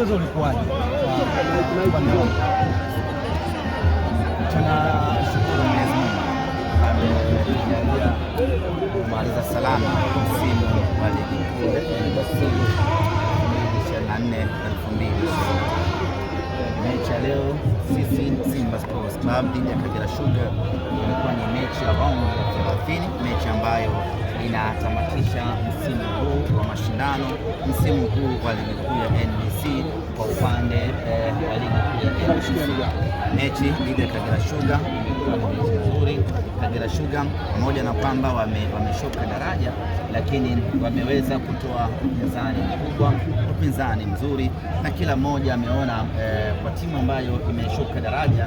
mchezo ulikuwaje? Tunashukuru Mwenyezi Mungu maliza salama msimu wa ligi kuu na nne elfu mbili mechi ya leo sisi Simba Sports Club dhidi ya Kagera Sugar ilikuwa ni mechi ya raundi ya 30, mechi ambayo inatamatisha msimu huu wa mashindano, msimu huu wa ligi kuu ya NBC. Kwa upande eh, wa ligi kuu ya NBC, mechi dhidi ya Kagera Sugar mechi nzuri. Kagera Sugar pamoja na kwamba wameshuka wame daraja, lakini wameweza kutoa upinzani mkubwa, upinzani mzuri, na kila mmoja ameona eh, kwa timu ambayo imeshuka daraja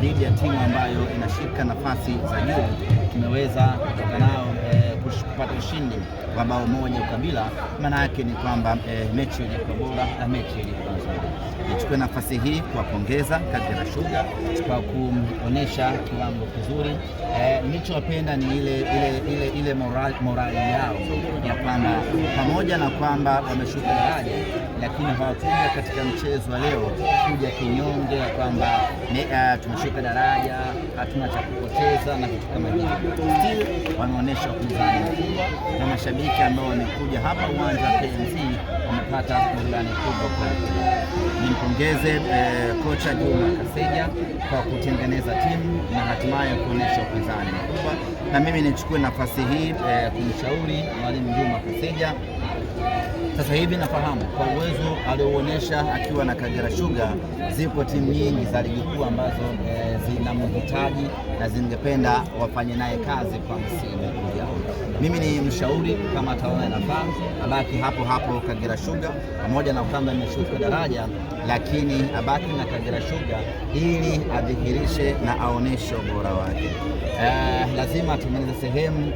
dhidi ya timu ambayo inashika nafasi za juu, tumeweza kutoka nao eh, kupata ushindi kwa bao moja ukabila. Maana yake ni kwamba e, mechi ilikuwa bora na mechi ilikuwa nzuri. Nichukue nafasi hii kuwapongeza Kagera Sugar kwa kuonyesha kiwango kizuri. Eh, Nilichowapenda e, ni ile, ile, ile, ile morali, moral yao ya kwamba pamoja na kwamba wameshuka daraja lakini hawakuja katika mchezo wa leo kuja kinyonge ya kwamba uh, tumeshuka daraja hatuna cha kupoteza na kitu kama hivyo, wanaonyesha upinzani na mashabiki mashabiki ambao wamekuja hapa uwanja wa KMC wamepata burudani kubwa kweli. Nimpongeze eh, kocha Juma Kaseja kwa kutengeneza timu na hatimaye kuonyesha upinzani mkubwa, na mimi nichukue nafasi hii eh, kumshauri mwalimu Juma Kaseja sasa hivi nafahamu kwa uwezo aliouonyesha akiwa na Kagera Sugar, zipo timu nyingi za ligi kuu ambazo e, eh, zinamhitaji na zingependa wafanye naye kazi kwa msimu ujao. Mimi ni mshauri, kama ataona inafaa abaki hapo hapo Kagera Sugar, pamoja na kwamba imeshuka daraja, lakini abaki na Kagera Sugar ili adhihirishe na aoneshe ubora wake. Uh, lazima atengeneze sehemu,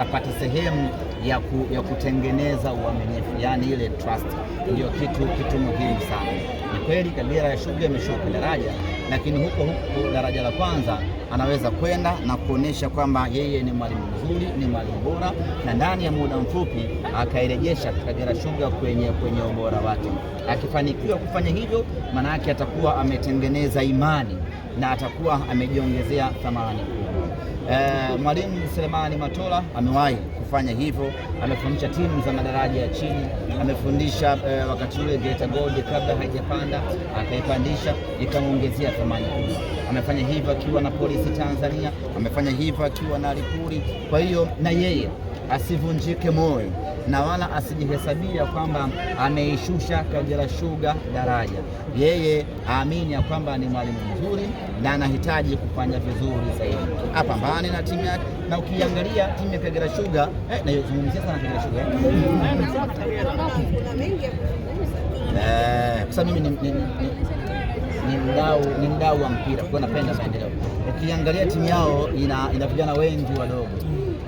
apate sehemu ya, ku, ya kutengeneza uaminifu, yani ile trust, ndio kitu, kitu muhimu sana. Ni kweli Kagera ya shughuli ameshuka daraja, lakini huko huko daraja la kwanza anaweza kwenda na kuonesha kwamba yeye ni mwalimu mzuri, ni mwalimu bora, na ndani ya muda mfupi akairejesha Kagera Sugar kwenye, kwenye ubora wake. Akifanikiwa kufanya hivyo, maana yake atakuwa ametengeneza imani na atakuwa amejiongezea thamani eh, Mwalimu Selemani Matola amewahi kufanya hivyo, amefundisha timu za madaraja ya chini, amefundisha eh, wakati ule Geita Gold kabla haijapanda akaipandisha ikamwongezea thamani kubwa. Amefanya hivyo akiwa na polisi Tanzania, amefanya hivyo akiwa na Lipuli, kwa hiyo na yeye asivunjike moyo na wala asijihesabia kwamba ameishusha Kagera Sugar daraja. Yeye aamini ya kwamba ni mwalimu mzuri na anahitaji kufanya vizuri zaidi, apambane na timu yake. Na ukiangalia timu ya Kagera Sugar eh, naizungumzia sana Kagera Sugar eh, eh kwa sababu mimi ni ni ni ni mdau wa mpira kwa napenda maendeleo. Ukiangalia timu yao ina, ina vijana wengi wadogo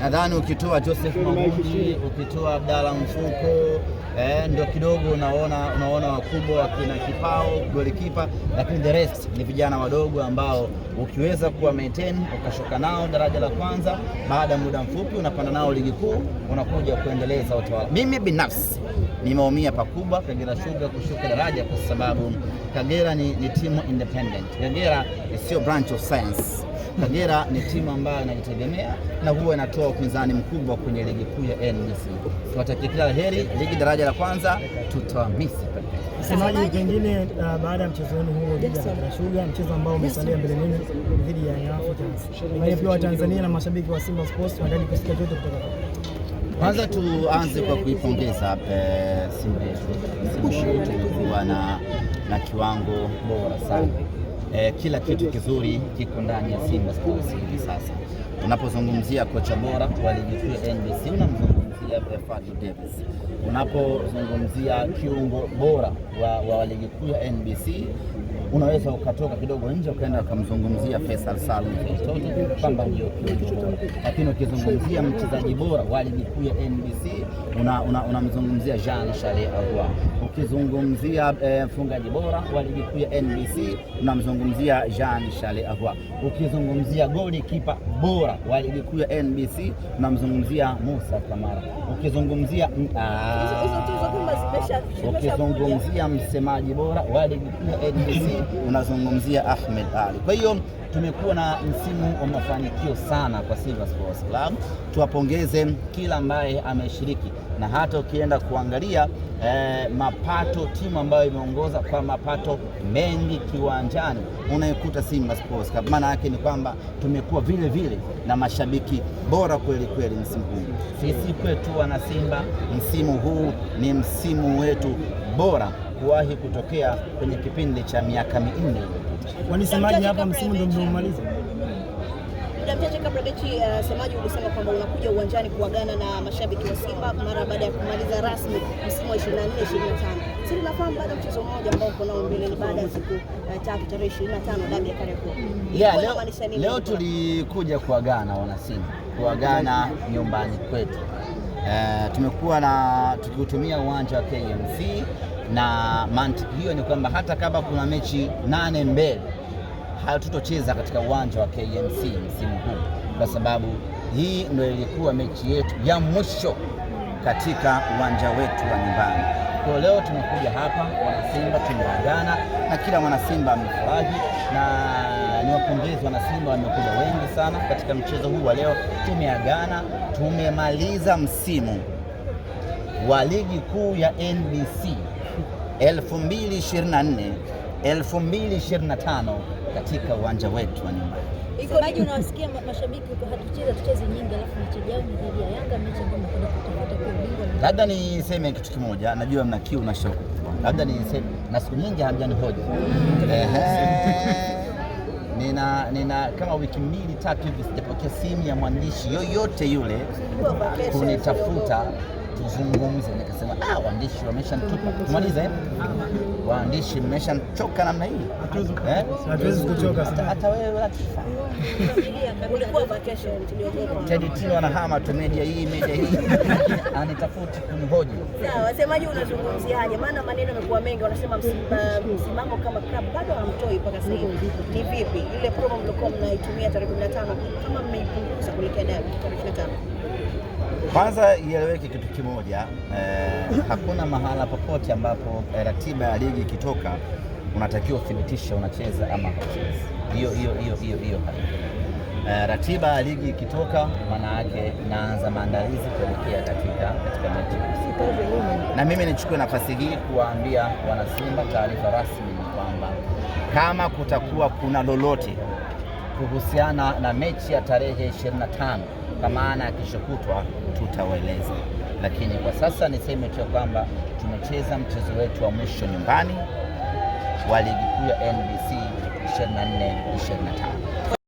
nadhani ukitoa Joseph Mabudi, ukitoa Abdalla Mfuko eh, ndio kidogo unaona unaona wakubwa wakina Kipao golikipa, lakini the rest ni vijana wadogo ambao ukiweza kuwa maintain ukashuka nao daraja la kwanza, baada ya muda mfupi unapanda nao ligi kuu, unakuja kuendeleza utawala. Mimi binafsi nimeumia pakubwa Kagera Sugar kushuka daraja, kwa sababu Kagera ni, ni timu independent. Kagera sio branch of science Kagera ni timu ambayo anaitegemea na huwa inatoa upinzani mkubwa kwenye ligi kuu ya NBC. Tuwatakie kila heri, ligi daraja la kwanza tutamisi. Msemaji, pengine uh, baada ya mchezo wenu huo dhidi ya Kagera Sugar, mchezo ambao umesalia mbele yenu dhidi ya Young Africans, pia Watanzania na mashabiki wa Simba Sports wanataka kusikia chochote kutoka kwanza tuanze kwa kuipongeza eh, Simba yetu, tumekuwa na, na kiwango bora sana e, kila kitu kizuri kiko ndani ya Simba Sports hivi sasa. Unapozungumzia kocha bora wa ligi kuu ya NBC unamzungumzia Fadlu Davis, unapozungumzia kiungo bora wa, wa ligi kuu ya NBC unaweza ukatoka kidogo nje ukaenda ukamzungumzia Faisal Salum mtoto kwamba ndio kiongozi lakini ukizungumzia mchezaji bora wa ligi kuu ya NBC unamzungumzia una, una Jean Charles Ahoua. Ukizungumzia eh, mfungaji eh, bora wa ligi kuu ya NBC unamzungumzia Jean Charles Ahoua. Ukizungumzia goli kipa bora wa ligi kuu ya NBC unamzungumzia Musa Kamara. Ukizungumzia mm, ah, ukizungumzia msemaji bora wa ligi kuu ya NBC unazungumzia Ahmed ali Kwa hiyo tumekuwa na msimu wa mafanikio sana kwa Silver Sports Club. Tuwapongeze kila ambaye ameshiriki, na hata ukienda kuangalia eh, mapato, timu ambayo imeongoza kwa mapato mengi kiwanjani unaikuta Simba Sports Club. Maana yake ni kwamba tumekuwa vile vile na mashabiki bora kweli kweli msimu huu. Sisi kwetu wana Simba, msimu huu ni msimu wetu bora kuwahi kutokea kwenye kipindi cha miaka minne. Wanisemaji hapa, msimu ndio mmemaliza muda mchache kabla mechi, msemaji eh, uh, ulisema kwamba unakuja uwanjani kuagana na mashabiki wa Simba mara baada ya kumaliza rasmi msimu wa 24 25. Sisi tunafahamu baada ya mchezo mmoja ambao uko nao mbele ni baada ya siku eh, tatu tarehe 25 dabi ya Kariakoo. Yeah, leo, leo tulikuja kuagana wana Simba, kuagana nyumbani kwetu. Uh, tumekuwa na tukiutumia uwanja wa KMC na mantiki hiyo ni kwamba hata kama kuna mechi nane mbele hatutocheza katika uwanja wa KMC msimu huu, kwa sababu hii ndio ilikuwa mechi yetu ya mwisho katika uwanja wetu wa nyumbani. Kwa leo tumekuja hapa wanasimba, tumeagana na kila mwanasimba amefurahi, na ni wapongezi wanasimba, wamekuja wengi sana katika mchezo huu wa leo. Tumeagana, tumemaliza msimu wa ligi kuu ya NBC. 2024 2025 katika uwanja wetu wa nyumbani. Semaji, unawasikia mashabiki hatucheze hatucheze nyingi, alafu mechi yao ni dhidi ya Yanga, mechi ambayo mnakwenda kutafuta kwa ubingwa. Labda niseme kitu kimoja, najua mna kiu na shoko, labda niseme na siku nyingi hamjani Ehe, nina nina kama wiki mbili tatu hivi sijapokea simu ya mwandishi yoyote yule kunitafuta tuzungumze. Nikasema ah, waandishi wameshamtupa, tumalize. Waandishi mmeshamchoka namna hii, hatuwezi eh? kuchoka. Hata wewe Latifa, Teddy Tino anahama tu media hii, media hii anitafuti kunihoji. Sawa, wasemaji, unazungumziaje? Maana maneno yamekuwa mengi, wanasema msimamo kama klabu bado hamtoi mpaka sasa hivi. Ni vipi ile promo mlikuwa mnaitumia tarehe 15 kama mmeipunguza kuelekea tarehe 25? Kwanza ieleweke kitu kimoja eh, hakuna mahala popote ambapo eh, ratiba ya ligi ikitoka unatakiwa uthibitishe unacheza ama hauchezi. Hiyo hiyo hiyo hiyo hiyo eh, ratiba ya ligi ikitoka, maana yake naanza maandalizi kuelekea katika katika mechi Na mimi nichukue nafasi hii kuwaambia wanasimba taarifa rasmi ni kwamba kama kutakuwa kuna lolote kuhusiana na mechi ya tarehe 25 kwa maana kesho kutwa tutaweleza, lakini kwa sasa niseme tu kwamba tumecheza mchezo wetu wa mwisho nyumbani wa ligi kuu ya NBC 24 25.